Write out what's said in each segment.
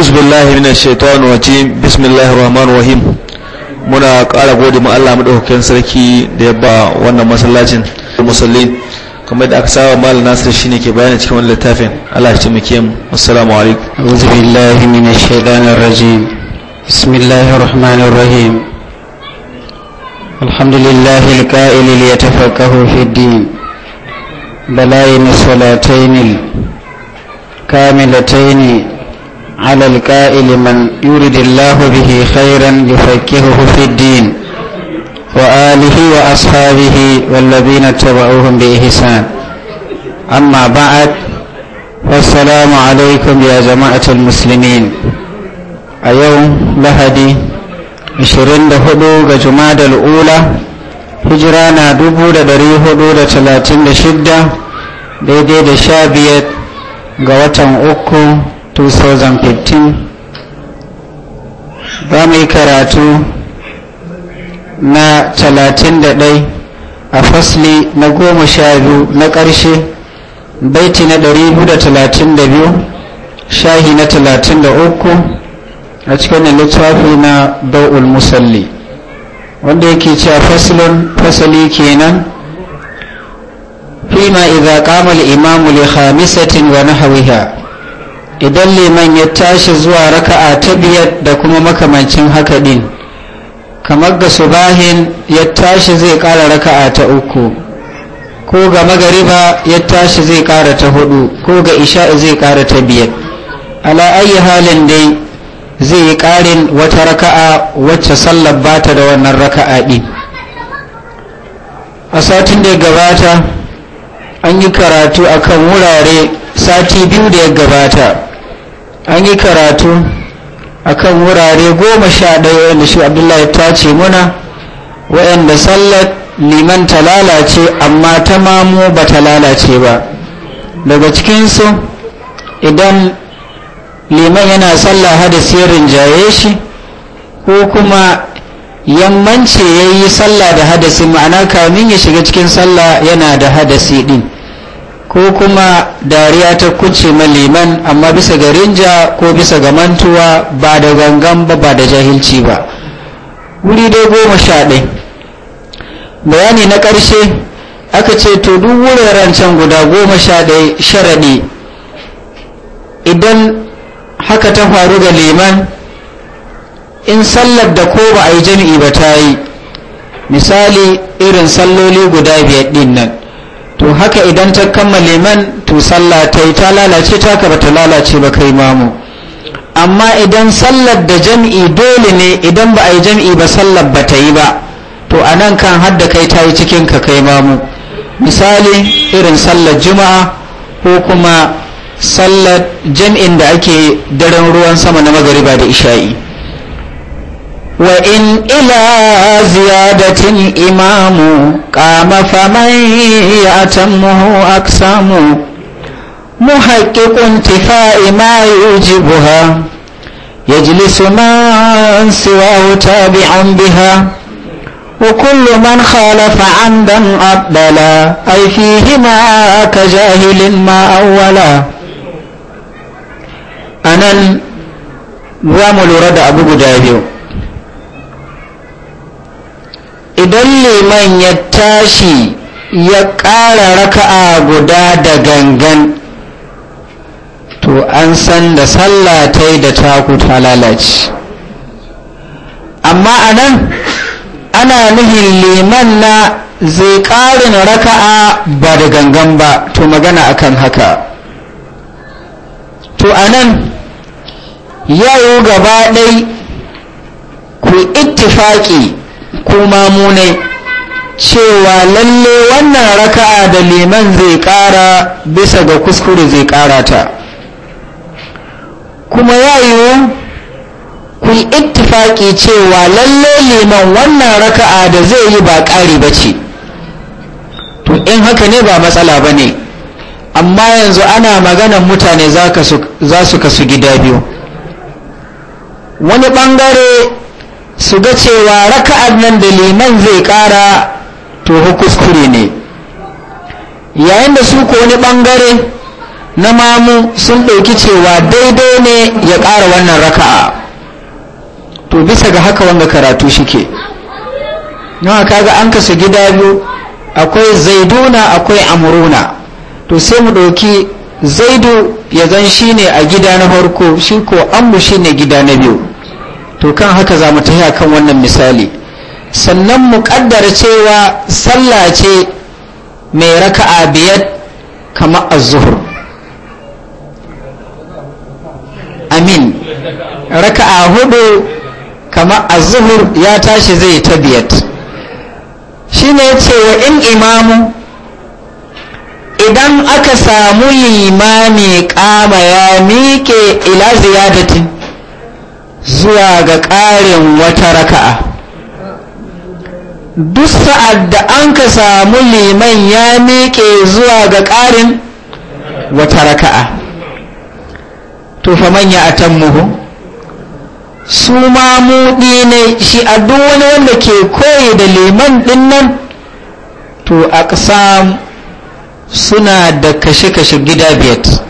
a'udhu billahi minash shaitani rajim bismillahir rahmanir rahim muna ƙara gode mu Allah madaukakin sarki da ya ba wannan masallacin musallin kamar da aka saba malam nasir shine ke bayani cikin wannan littafin Allah ya taimake mu assalamu alaikum a'udhu billahi minash shaitanir rajim bismillahir rahmanir rahim alhamdulillahi alqa'il liyatafaqahu fid din balayin salatayn kamilatayn على الكائل من يرد الله به خيرا يفكهه في الدين وآله وأصحابه والذين اتبعوهم بإحسان أما بعد والسلام عليكم يا جماعة المسلمين اليوم لهدي 24 ga Jumada al'ula hijira na 436 daidai da sha biyar ga watan uku 2015 za mu yi karatu na 31 a fasli na 12 na ƙarshe baiti na 232 shahi na 33 a cikin littafi na ba'ul musalli wanda yake cewa faslun fasali kenan فيما إذا قام الإمام لخامسة ونحوها idan liman ya tashi zuwa raka'a ta biyar da kuma makamancin haka din kamar ga subahin ya tashi zai kara raka'a ta uku ko ga magariba ya tashi zai kara ta hudu ko ga isha'i zai kara ta biyar ala ayi halin dai zai yi karin wata raka'a wacce sallar bata da wannan raka'a din a satin da ya gabata an yi karatu akan wurare sati biyu da ya gabata an yi karatu a kan wurare goma sha ɗaya wanda shi abdullahi ta ce muna waɗanda sallar liman ta lalace amma ta mamu ba ta lalace ba daga cikinsu idan liman yana sallah hadasi ya rinjaye shi ko kuma yammance ya yi sallah da hadasi ma'ana kamin ya shiga cikin sallah yana da hadasi din ko kuma dariya ta kuce liman amma bisa ga rinja ko bisa ga mantuwa ba da gangan ba ba da jahilci ba wuri dai goma sha ɗai bayani na ƙarshe aka ce to duk wuraren can guda goma sha ɗai sharaɗi idan haka ta faru ga liman in sallar da ko ba a yi jami'i ba ta yi misali irin salloli guda biyar ɗin nan to haka idan ta kammale man to sallah ta yi ta lalace ta ka bata lalace ba kai mamu amma idan sallar da jam'i dole ne idan ba a yi jam'i ba sallar ba ta yi ba to a nan kan hadda kai ta yi cikin ka kai mamu misali irin sallar juma'a ko kuma sallar jam'in da ake daren ruwan sama na magariba da isha'i وإن إلى زيادة إمام قام فمن يأتمه أقسام محقق انتفاء ما يوجبها يجلس من سواه تابع بها وكل من خالف عمدا أبدلا أي فيهما كجاهل ما أولا أنا za الورد أبو جاهل idan liman ya tashi ya ƙara raka'a guda da gangan to an san da sallah ta yi da taku ta lalace amma a nan ana nuhin liman na zai ƙarin raka'a ba da gangan ba to magana akan haka to a nan yau gaba ɗai ku ittifaƙi Kuma mamunai cewa lalle wannan raka'a da liman zai ƙara bisa ga kuskure zai ƙara ta kuma ya yiwu ku ittifaki cewa lalle liman wannan raka'a da zai yi ba ƙari ba ce to in haka ne ba matsala ba ne amma yanzu ana maganan mutane za su kasu gida biyu wani ɓangare su ga cewa raka'ar nan da liman zai kara to kuskure ne yayin da su ko wani bangare na mamu sun ɗauki cewa daidai ne ya ƙara wannan raka'a to bisa ga haka wanga karatu shike nawa kaga an kasu gida biyu akwai zaiduna akwai amuruna to sai mu ɗauki zaidu ya zan shine a gida na farko shi ko amru shine gida na biyu to kan haka za mu tafi kan wannan misali sannan mu kaddara cewa sallah ce mai raka'a biyar kamar az zuhur amin raka'a hudu kamar az zuhur ya tashi zai ta biyat shine yace wa in imamu idan aka samu limami kama ya miƙe ila ziyadatin zuwa ga ƙarin wata raka'a duk sa'ad da an ka samu liman ya miƙe zuwa ga ƙarin wata raka'a to fa manya a muhu? su ma muɗi ne shi a duk wani wanda ke koyi da liman ɗin nan to a suna da kashe-kashe gida biyar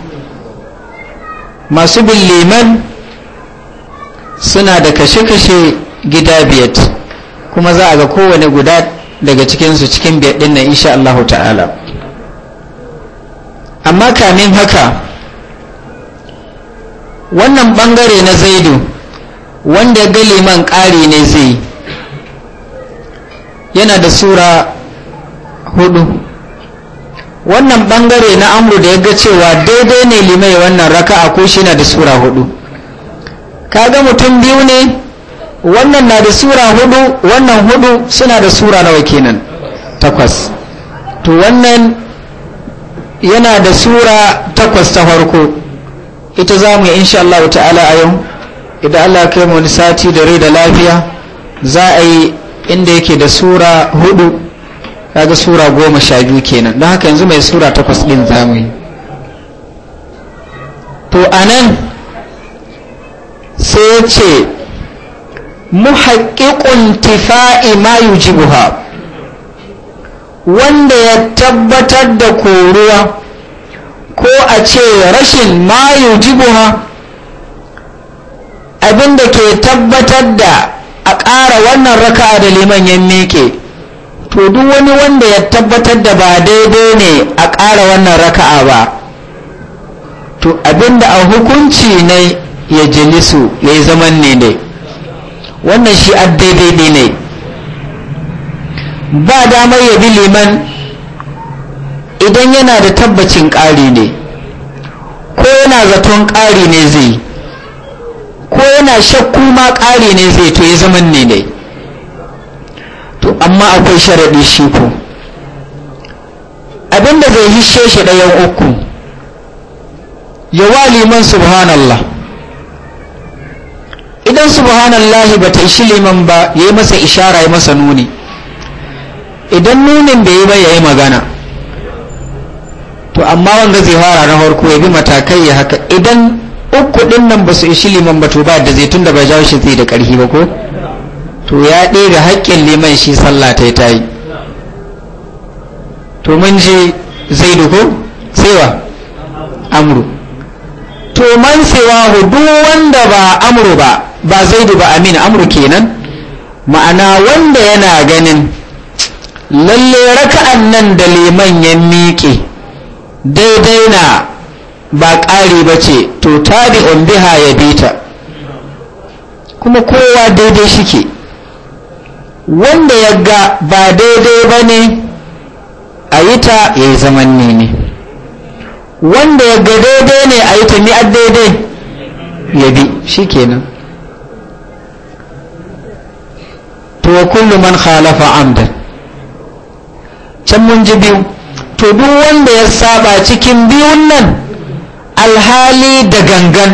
masu bin liman suna da kashe-kashe gida biyar kuma za a ga kowane guda daga cikinsu cikin biyar ɗin nan insha Allah ta'ala amma kamin haka wannan bangare na zaidu wanda ga liman ƙari ne zai yana da sura hudu wannan bangare na amru da ya ga cewa daidai ne limai wannan raka'a ko shi na da sura hudu Ka ga mutum biyu ne wannan na da sura hudu wannan hudu suna da sura nawa kenan takwas to wannan yana da sura takwas ta farko ita za mu yi insha Allah ta'ala a yau idan Allah kai mu wani sati da rai da lafiya za a yi inda yake da sura hudu kaga sura goma sha biyu kenan don haka yanzu mai sura takwas din za mu yi to anan ya ce muhaƙiƙun tifa'i ma jibuha wanda ya tabbatar da koruwa ko a ce rashin ma jibuha abinda ke tabbatar da a ƙara wannan raka'a da liman ya neke to duk wani wanda ya tabbatar da ba daidai ne a ƙara wannan raka'a ba to abinda a hukunci ne ya jalisu ya yi zaman ne ne wannan shi daidai ne ne ba damar ya bi liman idan yana da tabbacin ƙari ne ko yana zaton ƙari ne zai ko yana shakku ma ƙari ne zai to ya zaman ne ne to amma akwai sharaɗi shi ko abinda zai hishe shi ɗayan uku ya wa liman subhanallah dan subhanallahi ba ta ishi liman ba ya yi masa ishara ya masa nuni idan nunin da ya ba ya yi magana to amma wanda zai fara na farko ya bi matakai ya haka idan uku din nan ba su ishi liman ba to ba da zai tun da bai jawo shi zai da ƙarfi ba ko to ya ɗera haƙƙin liman shi sallah ta ta yi to mun je zai ko sewa amuru to man sewa duk wanda ba amru ba ba zaidu ba amin amru kenan ma'ana wanda yana ganin lalle raka'an nan da liman ya miƙe daidai na ba ƙari ba ce to tabi'un biha ya bita kuma kowa daidai shike wanda ya ga ba daidai ba ne a yi ta ya yi zaman nemi wanda ya ga daidai ne a yi ta ni a daidai ya bi shi kenan to kullu man khalafa amda can mun ji biyu to duk wanda ya saba cikin biyun nan alhali da gangan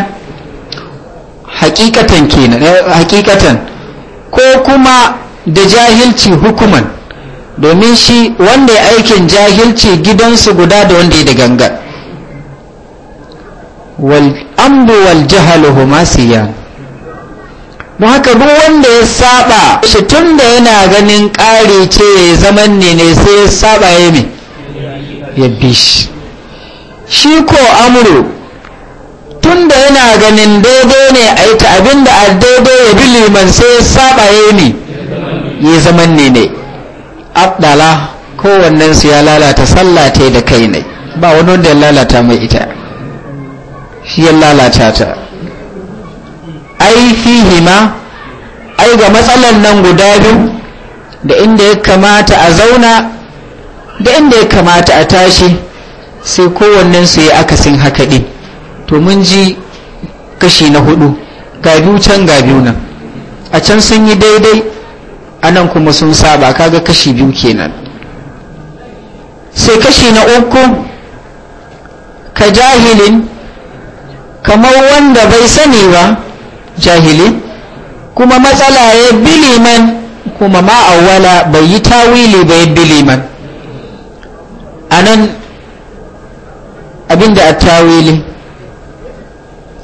hakikatan kenan eh, hakikatan ko kuma da jahilci hukuman domin shi wanda ya aikin jahilci gidansu guda da wanda ya da gangan wal amdu wal jahalu huma don haka duk wanda ya saba shi tun da yana ganin ƙari ce ya zaman ne ne sai ya saba ya mai ya bi shi shi ko amuru tun da yana ganin daidai ne a yi ta abin da a daidai ya bi liman sai ya saba ya yi ya zaman ne ne abdala kowannensu ya lalata sallata da kai ne ba wani wanda ya lalata mai ita shi ya lalata ta ai fihima ai ga matsalan nan guda biyu da inda ya kamata a zauna da inda ya kamata a tashi sai kowannen su yi akasin haka din to mun ji kashi na hudu ga biyu can ga nan a can sun yi daidai a nan kuma sun saba kaga kashi biyu kenan sai kashi na uku ka jahilin kamar wanda bai sani ba jahili kuma matsala ya biliman kuma awwala bai yi tawili bai biliman a nan abinda a tawili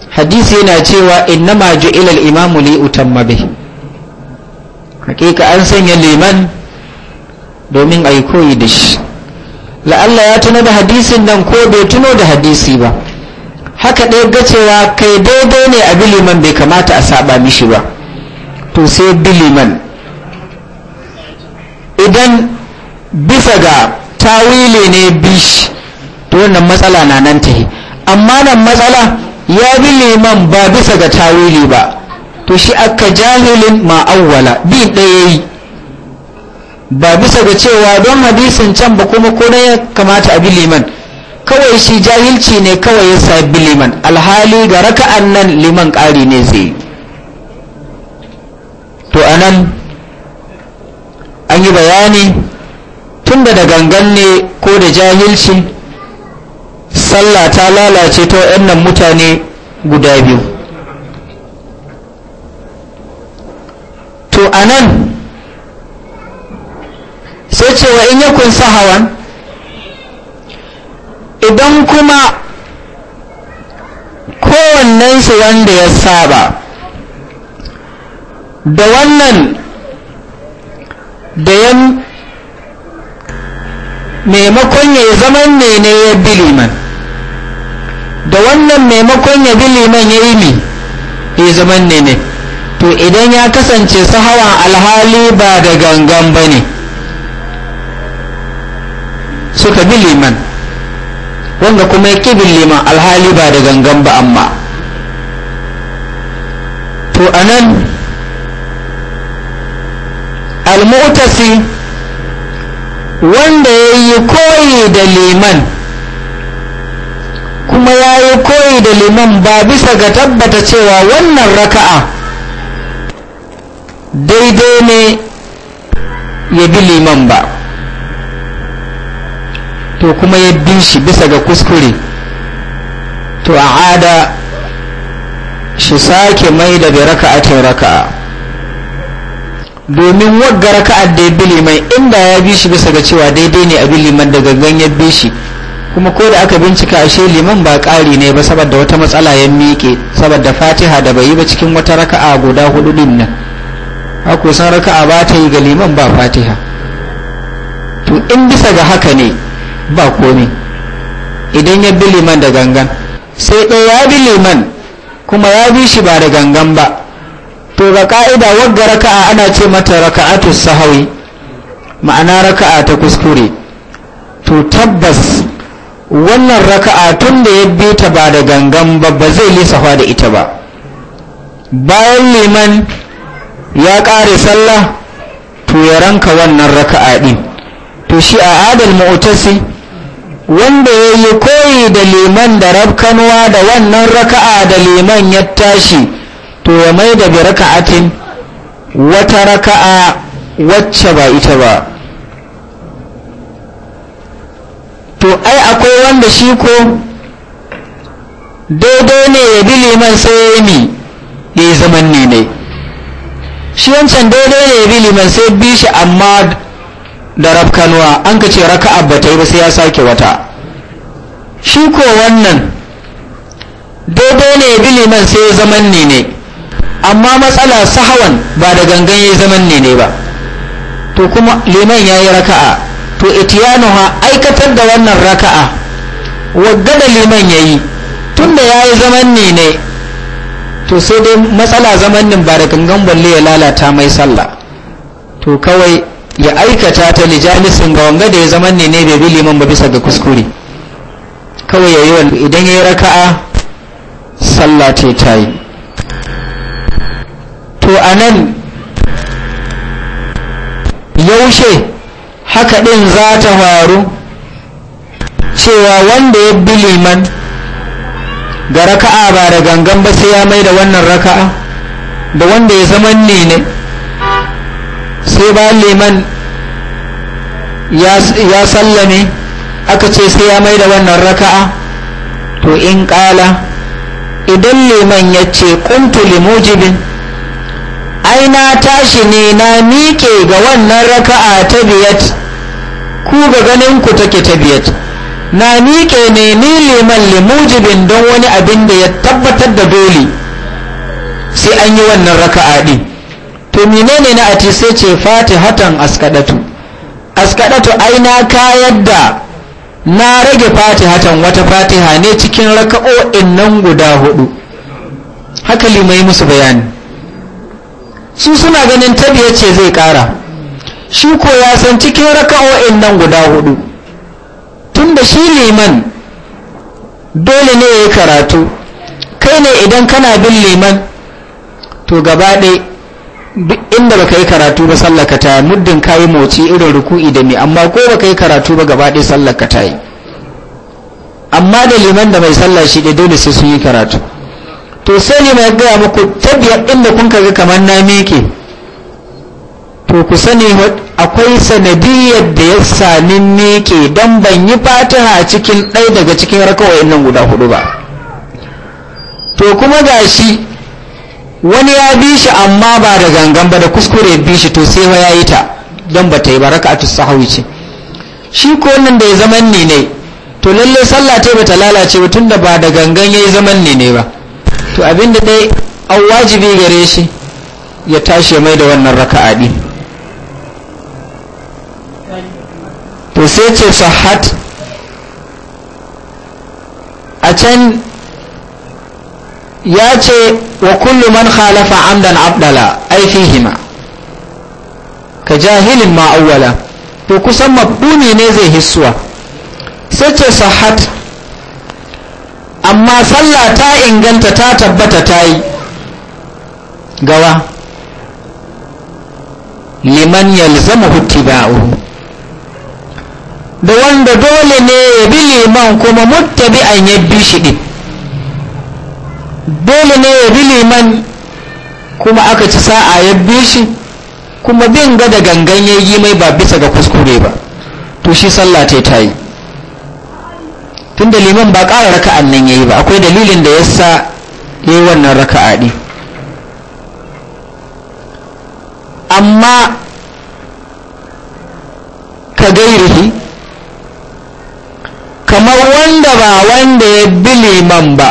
hadisi yana cewa inna ju'ila al-imamu li utamma hakika an sanya liman domin ayi koyi da shi la'alla ya tuno da hadisin nan ko bai tuno da hadisi ba haka ɗaya ga cewa kai daidai ne a biliman bai kamata a saba mishi ba to sai biliman idan bisa ga tawili ne bish to wannan matsala na nan ta amma nan matsala ya bi liman ba bisa ga tawili ba to shi aka jahilin ma'awwala bi ɗaya yi ba bisa ga cewa don hadisin can ba kuma ko ya kamata a bi liman kawai shi jahilci ne kawai ya sabi liman alhali ga raka'an nan liman ƙari ne zai to anan an yi bayani tunda da gangan ne ko da jahilci sallah ta lalace ta waɗannan mutane guda biyu to anan sai cewa in yakun sahawan idan kuma kowannensu wanda ya saba da wannan da ya maimakon ya zaman ne ne ya biliman da wannan maimakon ya biliman ya yi mi ya zaman ne ne to idan ya kasance sahawan alhali ba da gangan ba ne suka biliman wanda kuma ya kibin liman alhali ba da gangan ba amma to a anan almutasi wanda ya yi koyi da liman kuma ya yi koyi da liman ba bisa ga tabbata cewa wannan raka'a daidai ne ya bi liman ba to kuma ya bin shi bisa ga kuskure to a ada shi sake mai da raka'atin raka'a domin wagga raka'ar da ya bi liman inda ya bi shi bisa ga cewa daidai ne a bi liman da gangan ya bi shi kuma ko da aka bincika ashe liman ba ƙari ne ba saboda wata matsala ya miƙe saboda fatiha da bai yi ba cikin wata raka'a guda hudu din nan a san raka'a ba ta yi ga liman ba fatiha to in bisa ga haka ne ba komi idan ya bi liman da gangan sai ɗaya ya bi liman kuma ya bi shi ba da gangan ba to ga ka'ida wagga raka'a ana ce mata raka'atu sahawi ma'ana raka'a ta kuskure to tabbas wannan raka'a tun da ya bi ta ba da gangan ba ba zai lisafa da ita ba bayan liman ya ƙare sallah to ya ranka wannan raka'a din to shi a adal mu'tasi wanda ya yi koyi da liman da rabkanwa da wannan raka'a da liman ya tashi to ya mai da bi raka'atin wata raka'a wacce ba ita ba to ai akwai wanda shi ko daidai ne ya bi liman sai ya yi ya yi zaman ne ne shi wancan daidai ne ya bi liman sai bi shi amma da rafkanuwa an ka ce raka'a ba ta yi ba sai ya sake wata shi ko wannan daidai ne biliman sai ya zaman ne ne amma matsala sahawan ba da gangan ya zaman ne ne ba to kuma liman ya yi raka'a to itiyanuha aikatar da wannan raka'a wadda da liman ya yi tun da ya yi zaman ne ne to sai dai matsala zaman ba da gangan balle ya lalata mai sallah to kawai ya aikata ta lijalisin ga wanga da ya zama ne ne bai bi liman ba bisa ga kuskure kawai ya yi idan ya yi raka'a sallah ce ta yi to a nan yaushe haka ɗin za ta faru cewa wanda ya bi liman ga raka'a ba da gangan ba sai ya mai da wannan raka'a da wanda ya zama ne ne sai ba liman ya sallame aka ce sai ya mai da wannan raka'a to in kala idan liman ya ce kuntu limujibin ai na tashi ne na miƙe ga wannan raka'a ta biyat ku ga ganin ku take ta biyat na miƙe ne ni liman limujibin don wani abin da ya tabbatar da dole sai an yi wannan raka'a din to menene na ati sai ce fatihatan askadatu askadatu ai na kayar da na rage fatihatan wata fatiha ne cikin raka'o'in nan guda hudu haka limai musu bayani su suna ganin tabiya ce zai kara shi ko ya san cikin raka'o'in nan guda hudu tun shi liman dole ne ya yi karatu kai ne idan kana bin liman to gaba ɗaya duk inda baka yi karatu ba ka ta muddin kayi moci irin ruku'i da me amma ko baka yi karatu ba gaba ɗaya sallaka ta yi amma da liman da mai sallah shi ɗaya dole sai sun yi karatu to sai ne mai gaya muku tabbiyar inda kun kaga kamar na meke to ku sani akwai sanadiyar da ya sami meke don ban yi fatiha cikin ɗaya daga cikin rakawa nan guda hudu ba to kuma gashi wani ya bi shi amma ba da gangan ba da kuskure bi shi to sai ya yi ta don ba ta yi baraka a hawi ce shi ko wannan da ya zaman ne ne to lalle sallah ta ba ta lalace ba tunda ba da gangan ya yi zaman ne ne ba to abinda dai an wajibi gare shi ya tashi mai da wannan raka'a din to sai ce sahat a can ya ce wa kullu man khalafa amdan abdala ai fihima ka jahilin ma awwala to kusan mabdumi ne zai hissuwa sai ce sahat amma sallah ta inganta ta tabbata ta yi gawa liman yalzama huttiba'uhu da wanda dole ne ya bi liman kuma muttabi'an ya bi shi din dole ne ya bi liman kuma aka ci sa'a ya bi shi kuma bin ga da gangan ya yi mai ba bisa ga kuskure ba to shi sallah ta ta yi tunda liman ba ƙara raka'an nan ya yi ba akwai dalilin da ya sa ya yi wannan raka'a ɗi amma ka gairihi kamar wanda ba wanda ya bi liman ba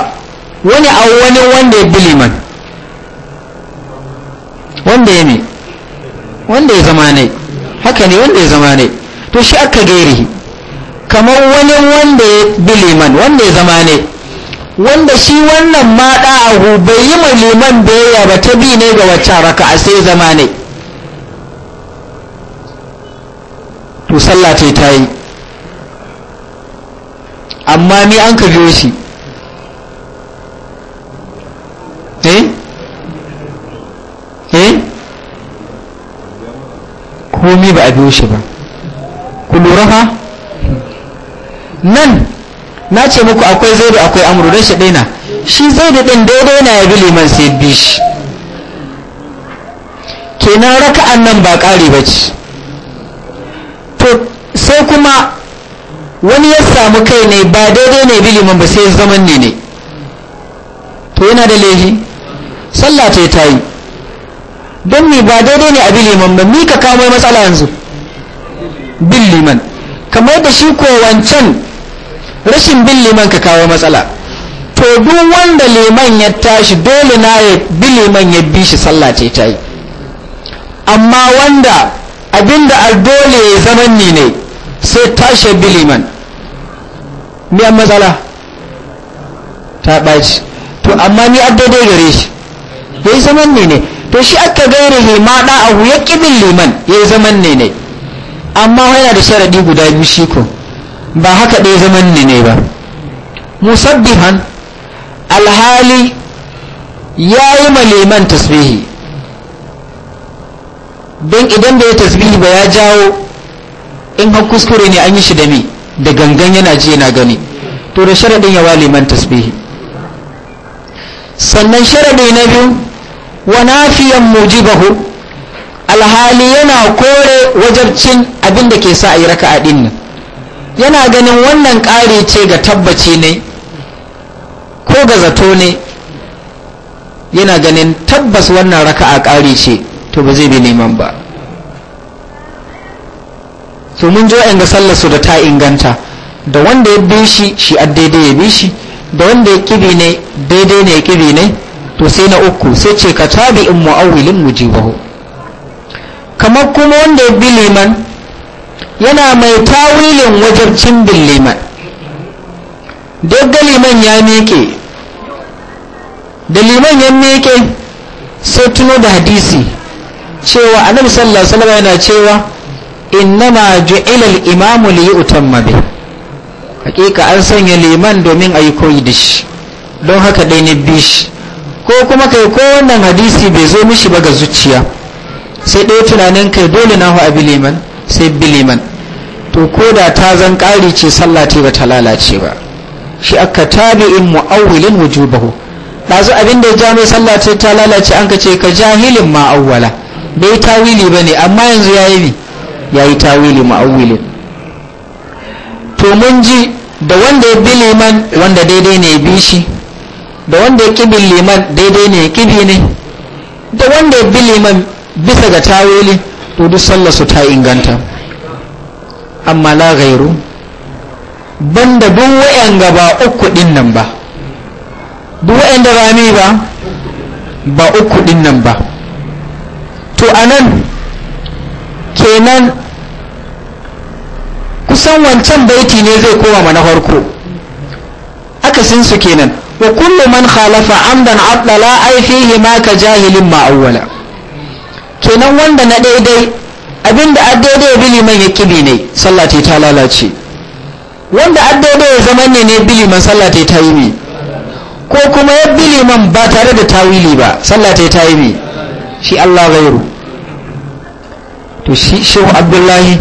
wani a wani wanda ya biliman wanda ya ne wanda ya zama ne haka ne wanda ya zama ne to shi aka gairi kamar wani wanda ya biliman wanda ya zama ne wanda shi wannan ma a bai yi mai liman ya ba ta bi ne ga wacce raka a sai zama ne to sallah ce ta yi amma ni an ka biyo shi komi ba a biyo shi ba ku lura fa nan na ce muku akwai da akwai amuru don shi daina shi da ɗin daidai na ya bi liman sai bi shi kenan raka'an nan ba ƙari ba ce to sai kuma wani ya samu kai ne ba daidai ne biliman ba sai zaman ne ne to yana da lehi sallah ta yi don me ba daidai ne a bi liman ba ni ka kamo matsala yanzu bin liman kamar da shi ko wancan rashin bin liman ka kawo matsala to duk wanda liman ya tashi dole na ya bi liman ya bi shi sallah ce ta yi amma wanda abinda a dole ya zaman ni ne sai tashi bi liman Ni an matsala ta ɓaci to amma ni a daidai gare shi ya yi zaman ni ne to shi aka gaira gairihi da abu ya kibin liman ya yi zaman ne ne amma yana da sharadi guda biyu shi ko ba haka ɗaya zaman ne ne ba musabbihan alhali ya yi ma liman tasbihi don idan ya tasbihi ba ya jawo in har kuskure ne an yi shi da ni da gangan yana ji yana gani to da sharaɗin ya wa liman tasbihi sannan sharaɗi na biyu wa nafiyan mujibahu alhali yana kore wajabcin abin da ke sa a yi raka'a a nan yana ganin wannan ƙari ce ga tabbaci ne ko ga zato ne yana ganin tabbas wannan raka'a ƙari ce to ba zai bi neman ba to mun ji in ga sallarsu da ta inganta da wanda ya bi shi shi a daidai ya bi shi da wanda ya kibi ne daidai ne ya kibi ne to sai na uku sai ce ka tabi tabi'in mu'awwilin mujibahu kamar kuma wanda ya bi liman yana mai tawilin cin bin liman duk liman ya miƙe da liman ya meke sai tuno da hadisi cewa annabi sallallahu alaihi salama yana cewa innama ju'ila al-imamu li yutamma bi hakika an sanya liman domin ayi koyi da shi don haka dai ne bi shi ko kuma kai ko wannan hadisi bai zo mishi ba ga zuciya sai ɗaya tunanin kai dole na a biliman sai biliman to ko da ta zan ƙari ce sallah ba ta lalace ba shi aka in mu'awwilin wujubahu ɗazu abin da ya ja mai sallah ce ta lalace an ka ce ka jahilin ma'awwala bai tawili ba ne amma yanzu ya yi ne ya yi tawili ma'awwilin to mun ji da wanda ya bi liman wanda daidai ne ya bi shi da wanda ya kibin liman daidai ne kibi ne da wanda ya bi liman bisa ga tawili to duk su ta inganta amma la gairu banda duk wayan gaba uku din nan ba duk wayan da rami ba ba uku din nan ba to anan kenan kusan wancan baiti ne zai koma mana farko akasin su kenan wa kullu man khalafa amdan abdala ai fihi ma ka jahilin ma'awwala kenan wanda na daidai abinda addaidai biliman ya kibi ne sallah ta lalace wanda addaidai ya zama ne ne man sallah ta yi ne ko kuma ya man ba tare da tawili ba sallah ta yi ne shi Allah gairu to shi shehu abdullahi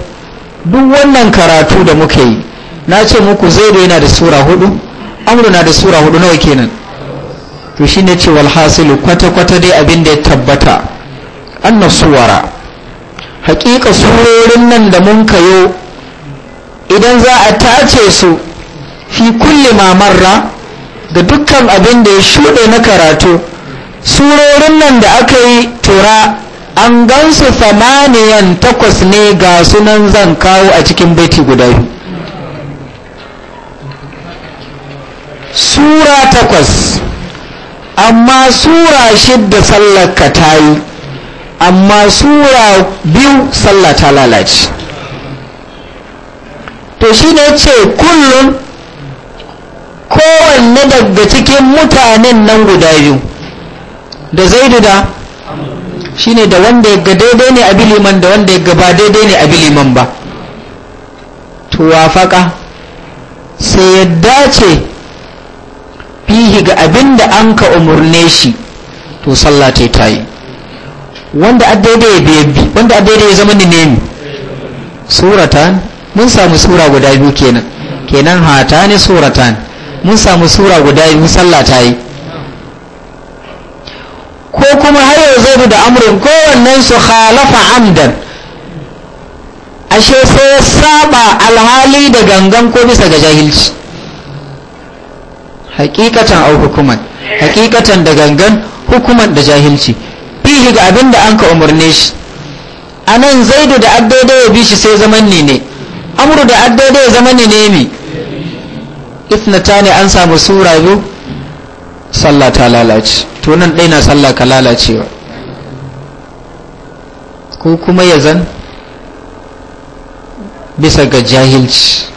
duk wannan karatu da muka yi na ce muku zai yana da sura hudu amru na da sura hudu nawa kenan to shine ce wal hasilu kwata kwata dai abin da ya tabbata anna suwara hakika surorin nan da mun kayo idan za a tace su fi kulli mamarra da dukkan abin da ya shuɗe na karatu surorin nan da aka yi tura an gansu samaniyan takwas ne ga sunan zan kawo a cikin baiti guda biyu sura takwas amma sura shidda ka ta yi amma sura biyu sallah ta lalace to shi ne ce kullum kowanne daga cikin mutanen nan guda biyu da zaidu da shi ne da wanda ya ga daidai ne a biliman da wanda ya ga ba daidai ne a biliman ba tuwafaka sai ya dace fihi ga abin da an ka umurne shi to sallah ta ta yi wanda a daidai bi wanda a daidai ya zama ni nemi suratan mun samu sura guda biyu kenan kenan hata ne suratan mun samu sura guda biyu sallah ta yi ko kuma har yau zai da amurin kowannen su khalafa amdan ashe sai ya saba alhali da gangan ko bisa ga jahilci hakikatan au hukuman hakikatan da gangan hukuman da jahilci fihi ga abin da an ka umarne shi a nan zaidu da addaida ya bi shi sai zaman ne ne amru da addaida ya zaman ne ne mi ne an samu sura biyu sallah ta lalace to nan ɗai na sallah ka lalacewa ko kuma ya zan bisa ga jahilci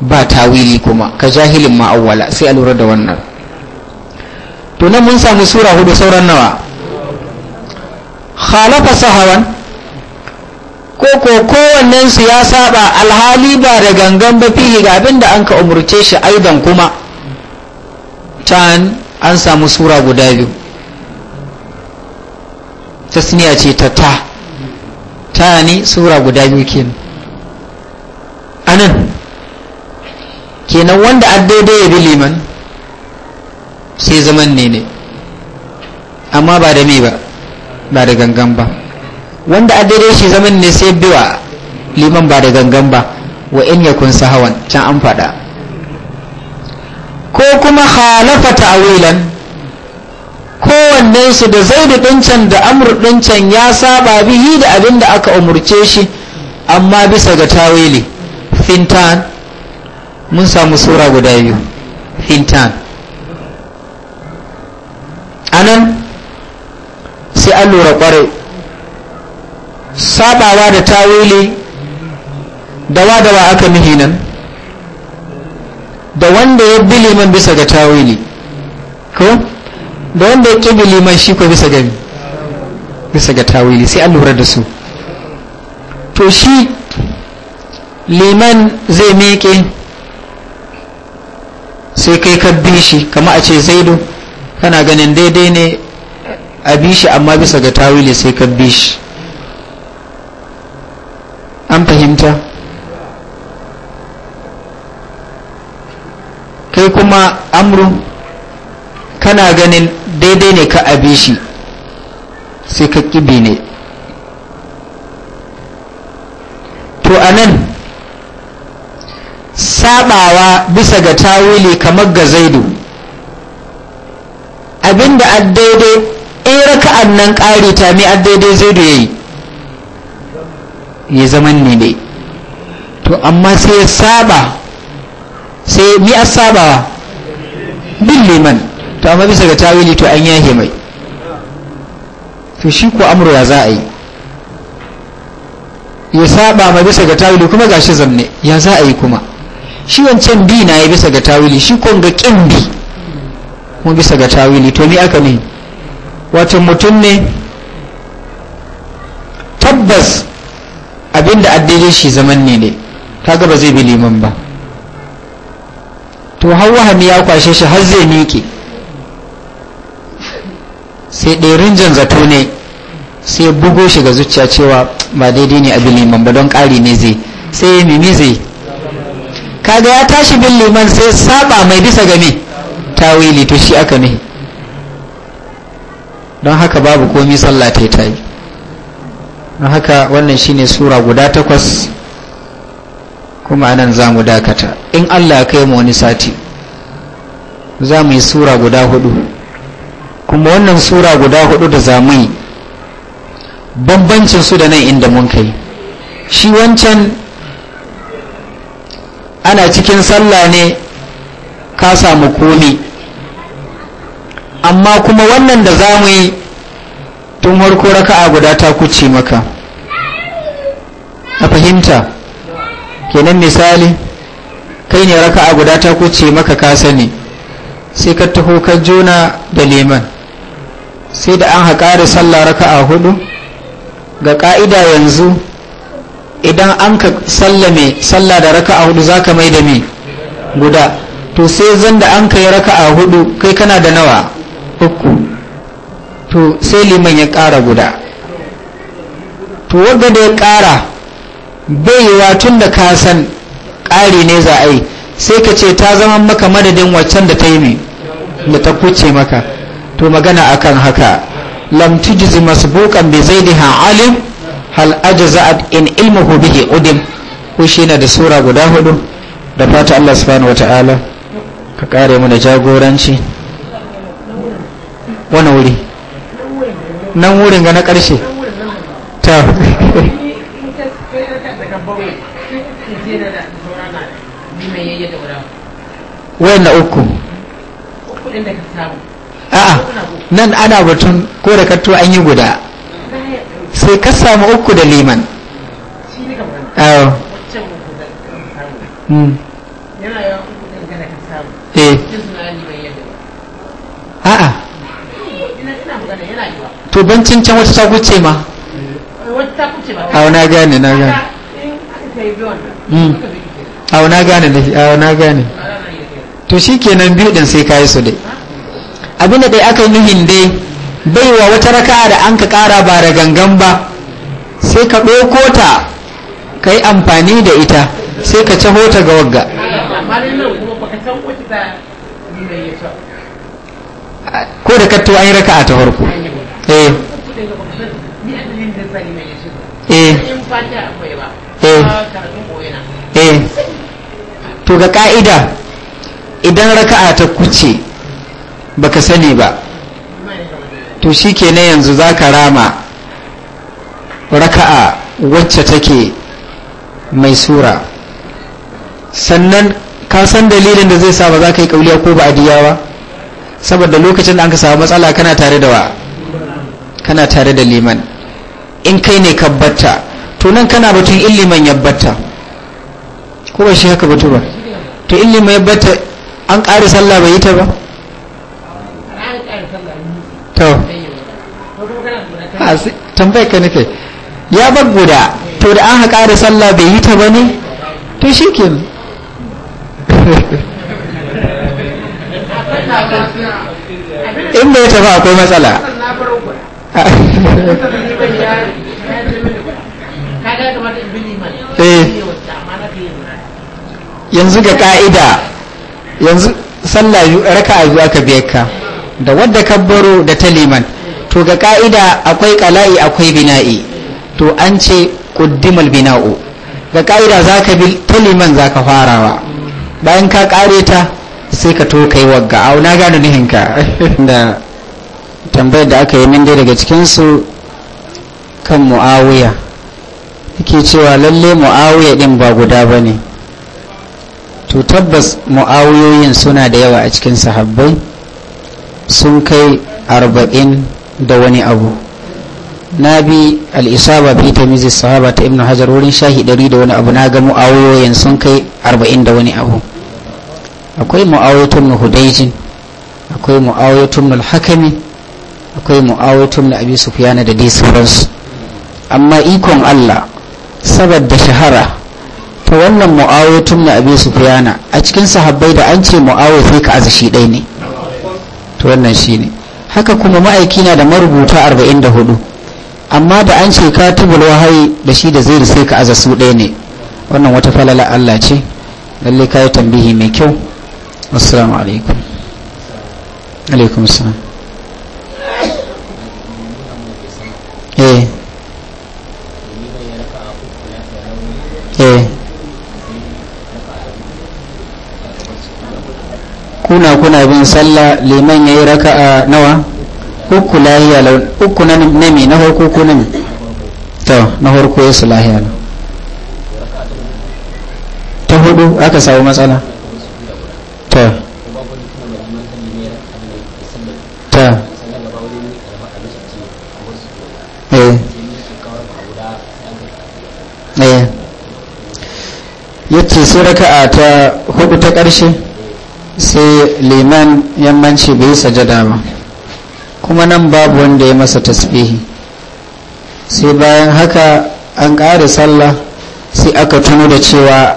ba tawili kuma ka jahilin ma'awwala sai a lura da wannan to mun samu sura hudu sauran nawa khalafa sahawan ko ko kowannensu ya saba alhali ba da gangan ba fi ga abinda an ka umurce shi aidan kuma can an samu sura guda biyu tasniya ce ta ta ta ne sura guda biyu kenan anan kenan wanda an daidai ya bi liman sai zaman ne ne amma ba da me ba ba da gangan ba wanda an daidai shi zaman ne sai biwa liman ba da gangan ba wa in ya kun sahawan can an faɗa ko kuma halafa ta'awilan kowanne su da zaidu dincan da amur dincan ya saba bihi da abin da aka umurce shi amma bisa ga tawili fintan mun samu sura guda biyu hintan anan sai an lura kware sabawa da tawili dawa dawa aka mihi nan da wanda ya bi liman bisa ga tawili ko da wanda ya ƙi bi liman shi ko bisa ga bisa ga tawili sai an lura da su to shi liman zai miƙe sai kai ka bi shi kama a ce zaidu kana ganin daidai ne a bi shi amma bisa ga tawili sai ka bi shi an fahimta kai kuma amru kana ganin daidai ne ka abi shi sai ka kibi ne to a nan. sabawa bisa ga tawili kamar ga zaidu abinda addaidai in raka'an nan ƙari ta mi addaidai zaidu ya yi ya zaman ne dai to amma sai ya saba sai mi a sabawa bin liman to amma bisa ga tawili to an yahe mai to shi ko amurwa za a yi ya saba ma bisa ga tawili kuma gashi zanne ya za a yi kuma shi wancan bi na ya bisa ga tawili shi kun ga kin bi mu bisa ga tawili to ni aka ne wato mutum ne tabbas abinda addinin shi zaman ne ne kaga ba zai bi liman ba to har wahani ya kwashe shi har zai miƙe sai ɗerin jan zato ne sai bugo shi ga zuciya cewa ba daidai ne abin liman ba don ƙari ne zai sai ya mimi zai kaga ya tashi bin liman sai saba mai bisa game tawili to shi aka nahi don haka babu komi sallah ta ta yi don haka wannan shine sura guda takwas kuma anan za mu dakata in allah ya kai mu wani sati za mu yi sura guda hudu kuma wannan sura guda hudu da za mu yi bambancin su da nan inda mun kai shi wancan ana cikin sallah ne ka samu komi amma kuma wannan da za mu yi tun harko raka'a guda ta kuce maka a fahimta kenan misali kai ne raka'a guda ta kuce maka ka sani sai ka taho ka jona da liman sai da an haƙa da sallah raka'a hudu ga ƙa'ida yanzu idan an ka sallame sallah da raka'a hudu zaka mai da me guda to sai zan da an kai raka'a hudu kai kana da nawa uku to sai liman ya ƙara guda to wanda da ya ƙara baiwa tun da ka san ƙari ne za a yi sai ka ce ta zama maka madadin waccan da ta yi mai da ta kuce maka to magana akan haka lam tujzi masbuqan bi zaidiha alim hal ajza'at in ilmuhu bihi udim ko shi na da sura guda hudu da fata Allah subhanahu wata'ala ka kare mu da jagoranci wani wuri nan wurin ga na karshe ta wayan na uku a'a nan ana batun ko da katto an yi guda sai ka samu uku da liman hmm. eh. a'a to ban can wata ta guce ma a na gane na gane hmm. a na gane da a na gane to shi kenan biyu din sai kayi su dai abinda dai aka yi nuhin dai baiwa wata raka'a da an ka ƙara ba da gangan ba sai ka ɗauko ta ka yi amfani da ita sai ka caho ta ga wagga ko da katto an yi raka'a ta farko eh, eh. eh. eh. to ga ka'ida idan raka'a ta kuce baka sani ba to shi ke na yanzu za ka rama raka'a wacce take mai sura sannan ka san dalilin da zai sa ba za ka yi kauliya ko ba adiya ba saboda lokacin da an ka samu matsala kana tare da wa kana tare da liman in kai ne ka batta to nan kana batun in yabbata ya batta ko ba shi haka batu ba to in yabbata ya batta an ƙare sallah bai yi ta ba to tambayar ka nufe ya bar guda to da an haƙa da sallah bai yi ta ba ne to shi ke in bai ba akwai matsala eh. yanzu ga ka'ida yanzu sallah raka a biyu aka biyar ka da wadda kabbaro da ta liman to ga ka'ida akwai kala'i akwai bina'i to an ce kuddimal bina'u ga ka'ida za ka bi taliman za ka farawa bayan ka kare ta sai ka to kai wagga au na gano nihinka da tambayar da aka yi min dai daga cikinsu kan mu'awiya yake cewa lalle mu'awiya din ba guda ba ne to tabbas mu'awiyoyin suna da yawa a cikin sahabbai sun kai arba'in da wani abu na bi al'isaba fi ta mizis sahaba ta ibn hajar wurin shahi ɗari da wani abu na ga mu'awoyin sun kai arba'in da wani abu akwai mu'awotun na hudaijin akwai mu'awotun na hakami akwai mu'awotun na abi sufiyana da dai amma ikon allah da shahara ta wannan mu'awotun na abi sufiyana a cikin sahabbai da an ce mu'awo sai ka azashi ɗai ne to wannan shi ne haka kuma ma'aiki na da marubuta 44 amma da an ce katibul wahayi da shi da zai sai ka aza su ɗaya ne wannan wata falala Allah ce lalle ka yi tambihi mai kyau assalamu alaikum alaikum salam eh eh abin bin sallah liman ya yi raka a nawa uku lahiya uku na nemi na harko ko nemi to na harko ya su lahiya ta hudu aka samu matsala ta ta eh. eh. ya ce sai raka'a ta hudu ta ƙarshe sai liman yammanci bai sajada ba kuma nan babu wanda ya masa tasbihi sai bayan haka an ƙara sallah sai aka tuno da cewa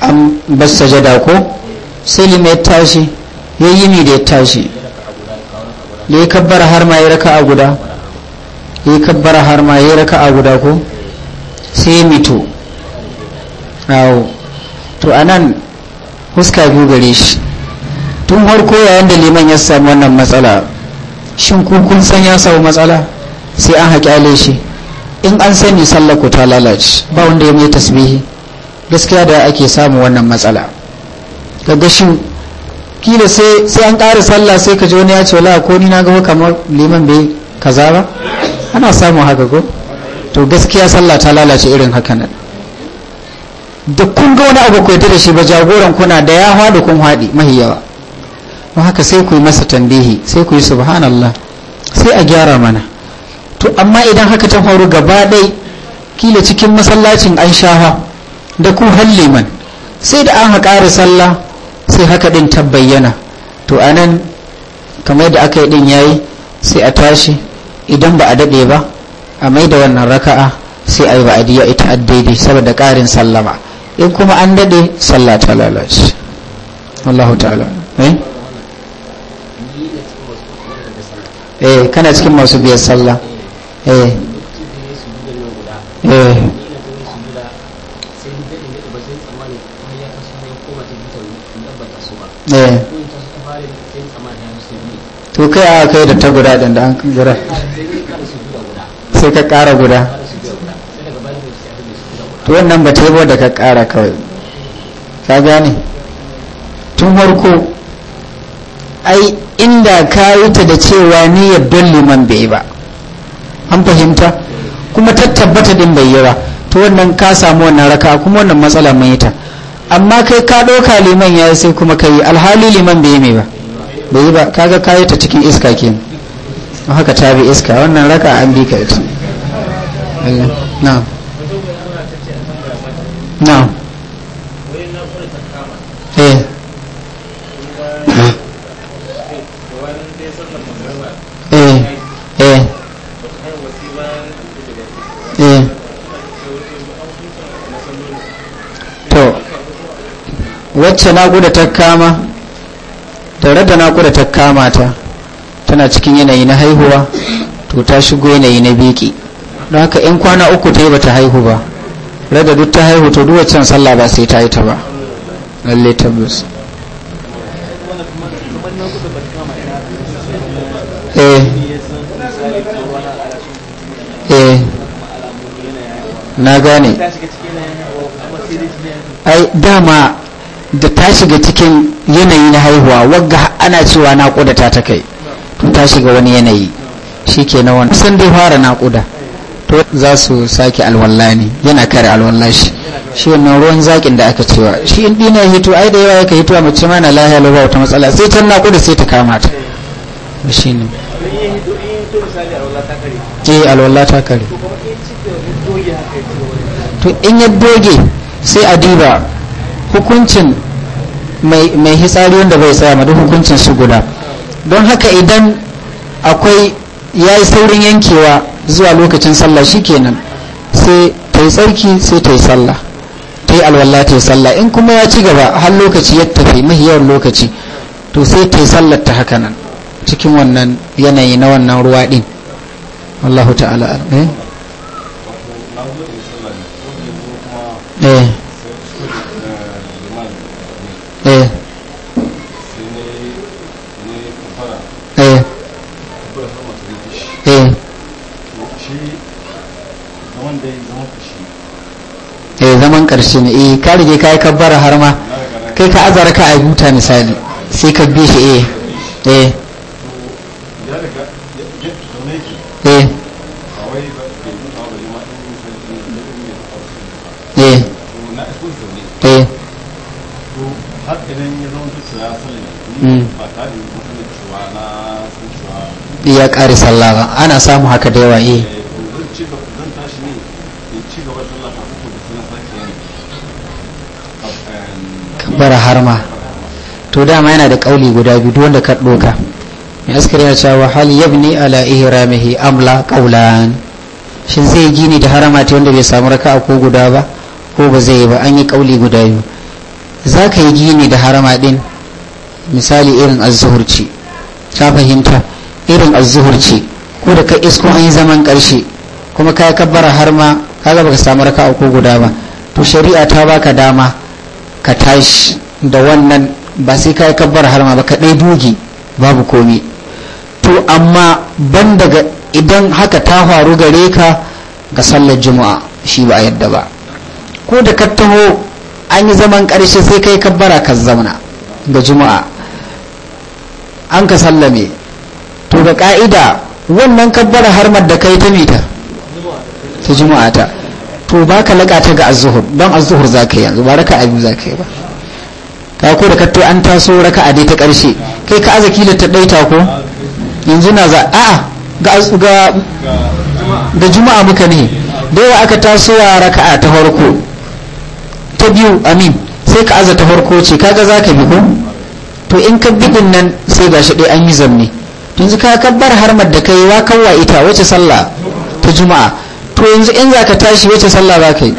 an bar sajada ko sai liman ya tashi ya yi ne da ya tashi da ya kabbar har ma ya raka a guda ya kabbar har ma ya raka a guda ko sai ya mito to anan huska biyu gare shi tun farko yayin da liman ya samu wannan matsala shin ku kun san ya samu matsala sai an haƙi shi in an sani sallar ku ta lalace ba wanda ya mai tasbihi gaskiya da ake samu wannan matsala kaga shin kila sai sai an ƙara sallah sai ka ji wani ya ce wala ko ni na ga kamar liman bai kaza ba ana samu haka ko to gaskiya sallah ta lalace irin haka nan da kun ga wani abu ku da shi ba jagoran kuna da ya haɗu kun haɗi mahiyawa don haka sai ku yi masa tambihi sai ku yi subhanallah sai a gyara mana to amma idan haka ta faru gaba ɗai kila cikin masallacin an shafa da ku man sai da an haƙari sallah sai haka ɗin ta bayyana to nan kamar da aka yi ɗin yayi sai a tashi idan ba a daɗe ba a mai da wannan raka'a sai a yi diya ita addaidai saboda ƙarin sallama in kuma an daɗe sallah ta lalace Allah ta'ala eh eh kana cikin masu biyar sallah eh. eh eh to kai a kai da ta guda da an guda sai ka ƙara guda to wannan ba ta yi da ka ƙara kawai ka gane tun farko ai inda ka yi ta da cewa niyyar don liman bai ba an fahimta kuma ta tabbata din bai yi ba to wannan ka samu wannan raka kuma wannan matsala mai ta amma kai ka ɗauka liman ya yi sai kuma ka yi alhali liman bai yi mai ba bai yi ba kaga ka yi ta cikin iska ke haka ta bi iska wannan raka an bi ka ita na'am na'am wacce naƙuda ta kama da rada naƙuda ta kama ta tana cikin yanayi na haihuwa to ta shigo yanayi na biki don haka in kwana uku ta yi ba haihu ba rada duk ta haihu to duk waccan sallah ba sai ta yi ta ba lalle tabbas eh. Eh. na gane ai dama da ta shiga cikin yanayi na haihuwa wagga ana cewa naƙuda ta ta kai to ta shiga wani yanayi shi ke na wani sun dai fara naƙuda to za su sake alwallah ne yana kare alwallah shi shi wannan ruwan zakin da aka cewa shi in dina ya hito ai da yawa ya ka hito a mace ma na lahiya lura wata matsala sai can naƙuda sai ta kama ta shi ne ke eh, alwallah ta kare to in ya doge sai a duba. hukuncin mai hitsari wanda bai tsaya ma duk hukuncin su guda don haka idan akwai ya yi saurin yankewa zuwa lokacin sallah shikenan sai ta yi tsarki sai ta yi sallah ta yi alwala ta yi sallah in kuma ya ci gaba har lokaci ya tafi mahiyar lokaci to sai ta yi sallar ta haka nan cikin wannan yanayi na wannan ruwa din karshe ne eh ka rige kai ka bara har ma kai ka azara ka a buta misali sai ka bi shi eh eh eh eh eh hmm. ya ƙari sallah ba ana samu haka da yawa eh bara harma to dama yana da kauli guda biyu wanda ka doka mai askari ya cewa hal yabni ala ihramihi amla qawlan shin zai gini da harama ta wanda bai samu raka'a ko guda ba ko ba zai yi ba an yi kauli guda biyu za ka yi gini da harama din misali irin azzuhurci ka fahimta irin azzuhurci ko da ka isko an yi zaman karshe kuma ka kabbara har ma kaga baka samu raka'a ko guda ba to shari'a ta baka dama ka tashi da wannan ba sai ka yi kabbar harma ba ka ɗai dogi babu komi to amma ban daga idan haka ta faru gare ka ga sallar juma'a shi ba a yadda ba ko da ka taho an yi zaman ƙarshe sai ka yi kabbara ka zauna ga juma'a an ka sallame to ga ƙa'ida wannan kabbara harmar da kai yi ta mita ta juma'a ta to ba ka laƙa ta ga azuhur don azuhur za ka yi yanzu ba raka abin za ka yi ba ka ko da katto an taso raka a dai ta ƙarshe kai ka aza kila ta ɗaita ko yanzu na za a ga juma'a muka ne da yawa aka taso a ta farko ta biyu amin sai ka aza ta farko ce kaga za ka bi ko to in ka bidin nan sai ga shi an yi zamne yanzu ka kabbar harmar da kai wa kawwa ita wace sallah ta juma'a to yanzu in za ka tashi wace sallah za ka yi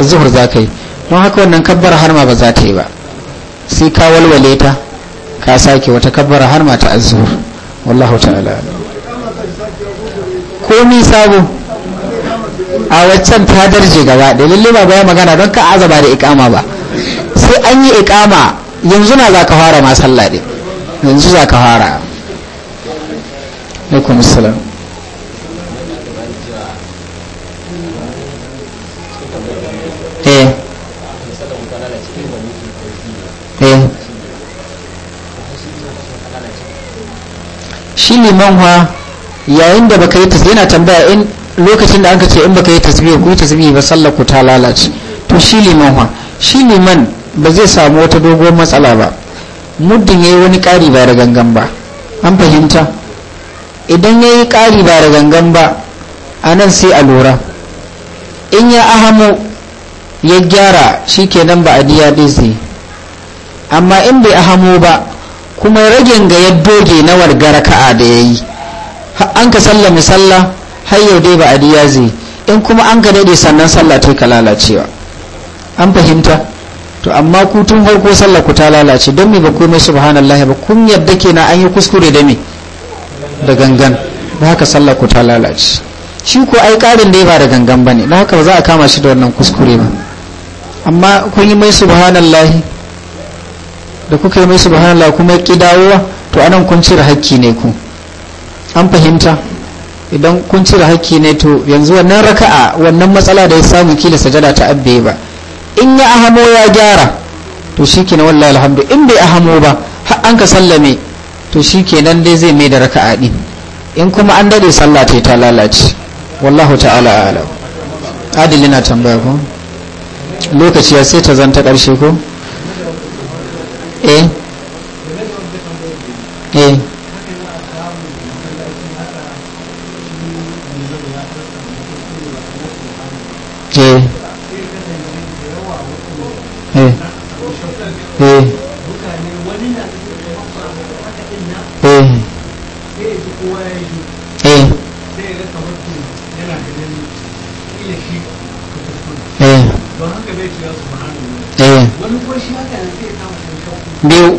zuhur za ka yi don haka wannan kabbar harma ba za ta yi ba sai ka walwale ta ka sake wata kabbar harma ta azzuhur wallahu ta'ala mi sabo a waccan ta darje gaba da lalle ba ya magana don ka azaba da ikama ba sai an yi ikama yanzu na za ka fara ma sallah yanzu za ka fara alaikum assalam Eh. shi liman wa yayin da baka yi tasbihi yana tambaya in lokacin da an ka ce in baka yi tasbihi ku yi tasbihi ba sallar ku ta lalace to shi liman wa shi liman ba zai samu wata dogon matsala ba muddin yayi wani ƙari ba da gangan ba an fahimta idan yayi ƙari ba da gangan ba a nan sai a lura in ya ahamo ya gyara shi kenan ba a diya dai sai amma in bai ahamo ba kuma ragin ga ya doge na warga raka'a da ya yi an ka salla misalla har yau dai ba a diya zai in kuma an ka daidai sannan sallah ta ka lalacewa an fahimta to amma ku tun farko sallah ku ta lalace don me ba mai subhanallahi ba kun yadda ke na an yi kuskure da me da gangan ba haka sallah ku ta lalace shi ko ai karin dai ba da gangan bane da haka ba za a kama shi da wannan kuskure ba amma kun yi mai subhanallahi da kuka yi mai subhanallah kuma ki dawowa to anan kun cire hakki ne ku an fahimta idan kun cire hakki ne to yanzu wannan raka'a wannan matsala da ya samu kila sajada ta abbe ba in ya ahamo ya gyara to shikenan wallahi alhamdu in bai ahamo ba har an ka sallame to shikenan dai zai mai da raka'a din in kuma an dade sallah ta ta lalace wallahu ta'ala alam adilina na tambaya ko lokaci ya sai ta zanta karshe ko eh eh biyu hmm.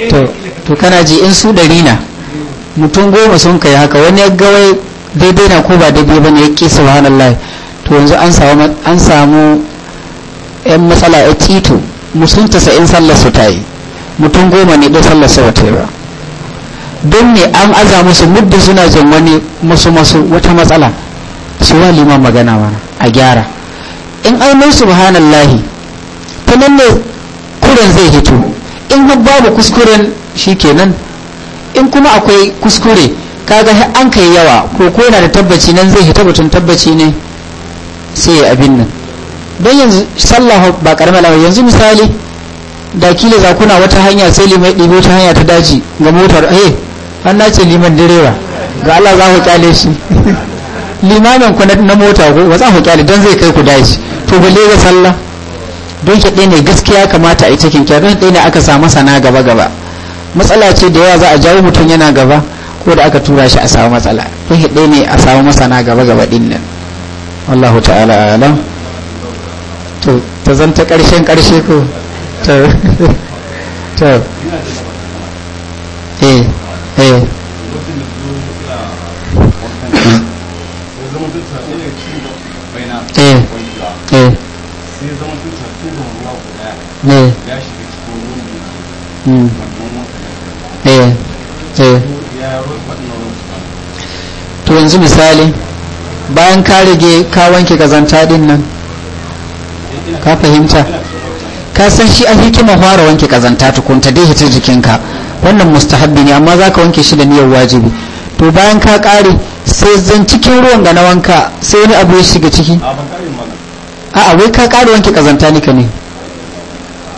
eh. to kana ji in su ɗari na mutum goma sun kai haka wani ya gawai daidai na ko ba daidai ba ne ya hana subhanallah to yanzu an samu 'yan matsala ya tito musun sa'in sallar su ta yi mutum goma ne ɗan sallar sa wata ba don ne an aza musu muddin suna jin wani musu masu wata matsala su wa liman magana mana a gyara in ainihin subhanallahi ta nan ne kuren zai hito in har babu kuskuren shi kenan in kuma akwai kuskure kaga an kai yawa ko ko yana da tabbaci nan zai hita mutum tabbaci ne sai abin nan don yanzu sallah ba karamar yanzu misali da kila za kuna wata hanya sai limai ɗibe wata hanya ta daji ga motar eh an nace liman direba ga Allah za ku kyale shi limamin ku na mota ko ba za ku kyale dan zai kai ku daji to ba ga sallah don ki ne gaskiya kamata a yi cikin kyar don ne aka samu sana gaba gaba matsala ce da yawa za a jawo mutum yana gaba ko da aka tura shi a samu matsala don ki ne a samu masana gaba gaba din nan wallahu ta'ala alam to ta zanta karshen karshe ko to to yanzu misali bayan ka rage ka wanke kazanta din nan ka fahimta ka san shi a hikima fara wanke kazanta tukunta ta hitar jikinka wannan mustahabbi ne amma zaka wanke shi da niyyar wajibi to bayan ka kare sai zan cikin ruwan ga na wanka sai wani abu ya shiga ciki a'a wai ka kare wanke kazanta ne ka ne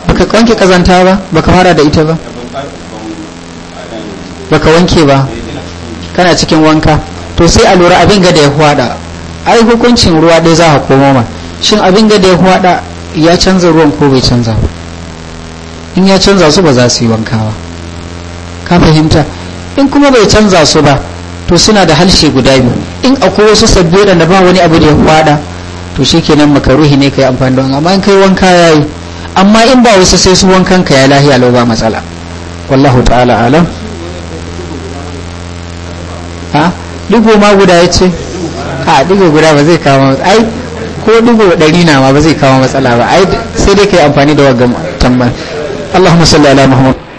baka wanke kazanta ba baka fara da ita ba baka wanke ba eh, kana cikin wanka to sai a lura abin ga da ya hwada ai hukuncin ruwa dai za ka komo ma shin abin ga da ya hwada ya canza ruwan ko bai canza ba in ya canza su ba za su yi wanka ba ka fahimta in kuma bai canza su ba to suna da halshe guda biyu in akwai wasu sabbi da ba wani abu da ya faɗa to shikenan makaruhi ne kai amfani da amma in kai wanka yayi amma in ba wasu sai su wankan ka ya lahiya lau ba matsala wallahu ta'ala alam ha digo ma guda yace ha digo guda ba zai kama ai ko dubu ɗari na ba zai kawo matsala ba sai dai ka yi amfani da wagga tambar Allahumma salli ala Muhammad